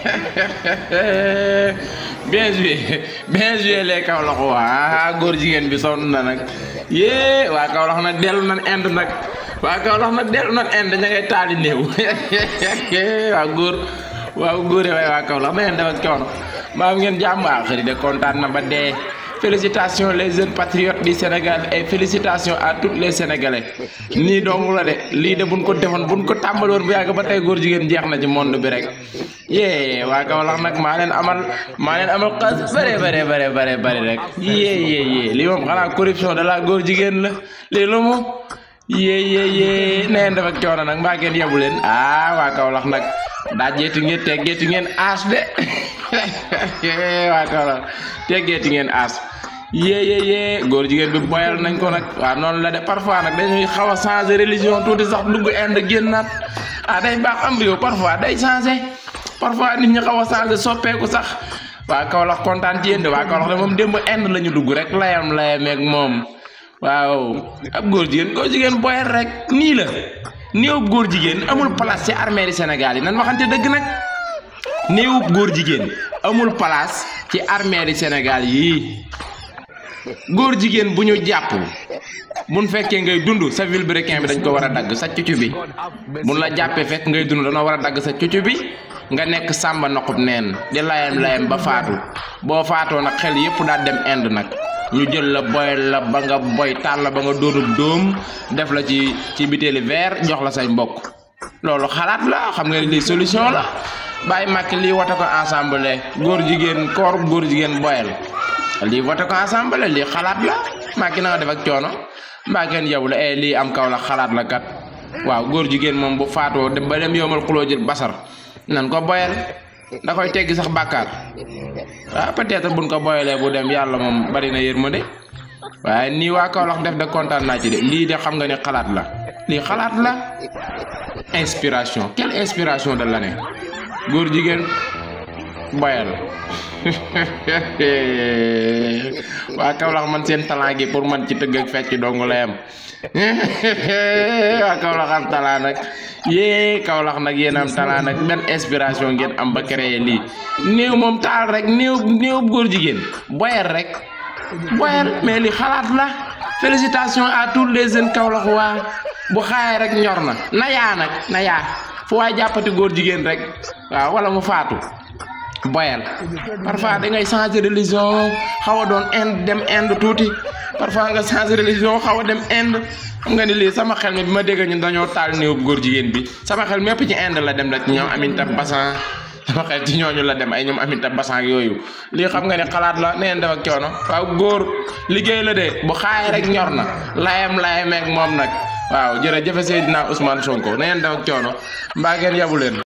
bien joué bien joué les Kaolack waa góor jigéen bi sonn na nag yee waa Kaolack nag dellu nan ind nag waa Kaolack nag dellu nan ind ña taali néew waa góor waaw góore waay waa Kaolack na ngeen def ak coono maa ngeen jàmm waa de kontaan na ba dee félicitations les jeunes patriotes di Sénégal et félicitations à tous les Sénégalais nii dong la de lii de buñ ko defoon buñ ko tàmbaloon bu yàgg ba tey góor jigéen jeex na ci monde bi rek yee waa nag maa leen amal maa leen amal xas bare bare bare bare bare rek yee lii moom xanaa corruption de la góor jigéen la lii lu mu yée yée yée na ngeen def nag mbaa ngeen yebu leen ah waa Kaolack nag daa jeeti ngeen te geeti ngeen aas de waa Kaolack te geeti ngeen aas yée yée yée jigéen bi boyal nañ ko nag waaw noonu la de parfois nag dañuy xaw a changer religion tuuti sax dugg Inde génnaat ah baax am réew parfois day changer parfois nit ñi xaw a changer soppeeku sax waa Kaolack kontaan ci yéen de waa Kaolack de moom démb Inde la ñu dugg rek layam layameeg moom. waaw ab góor jigéen góor jigéen boy rek nii la néewub góor jigéen amul place ci armée yi Sénégal yi nan waxante dëgg nag néewub góor jigéen amul place ci armée yi Sénégal yi góor jigéen bu ñu jàpp buñ fekkee ngay dund sa vilebrequin bi dañ ko war a dagg sa cucu bi buñ la jàppee fekk ngay dund dañoo war a dagg sa cucu bi nga nekk samba noqub neen di layam layam ba faatu boo faatoo nag xel yépp daal dem end nag ñu jël la boy la ba nga boy taal la ba nga dóorub doom def la ci ci bitéeli verre jox la say mbokk loolu xalaat la xam nga li solution la bàyyi màkk lii wata ko assemblée góor jigéen koor góor jigéen boyal lii wata ko assemblée lii xalaat la màkki na nga def ak coono mbaa kenn yow la e lii am kaw la xalaat la kat waaw góor jigéen moom bu faatoo dem ba dem yomal xuloo jël basar nan ko boyal da koy teggi sax bàkkaar waaw ah, peut-être ko booyalee bu dem yàlla moom bari na de waaye nii waa Kaolack def de kontaan naa ci de lii de xam nga ne xalaat la nii xalaat la inspiration quelle inspiration de l'année góor jigéen boyal waa Kaolack man seen talagi pur man ci teug ak fecc dong la yam waa Kaolack am talent nag yee Kaolack nag yéen am New inspiration ngeen am ba créer lii new mom tal rek new new gor jigen boyer rek boyer mais li xalaat la félicitations à tous les jeunes wa bu rek ñor na na fu rek wa ah, wala mu fatu boyal parfois dangay changer religion xaw a doon Inde dem Inde tuuti parfois nga changer religion xaw dem Inde xam nga ni lii sama xel mi bi ma dégg ñun dañoo taal néew góor jigéen bi sama xel mépp ci Inde la dem la ci ñoom Aminata Basan sama xel ci ñooñu la dem ay ñoom Aminata Basan ak yooyu lii xam nga ne xalaat la nee def ak coono waaw góor liggéey la de bu xaay rek ñor na layam layam ak moom nag waaw jërëjëf Seydina Ousmane Sonko nee def ak coono mbaa ngeen yabu leen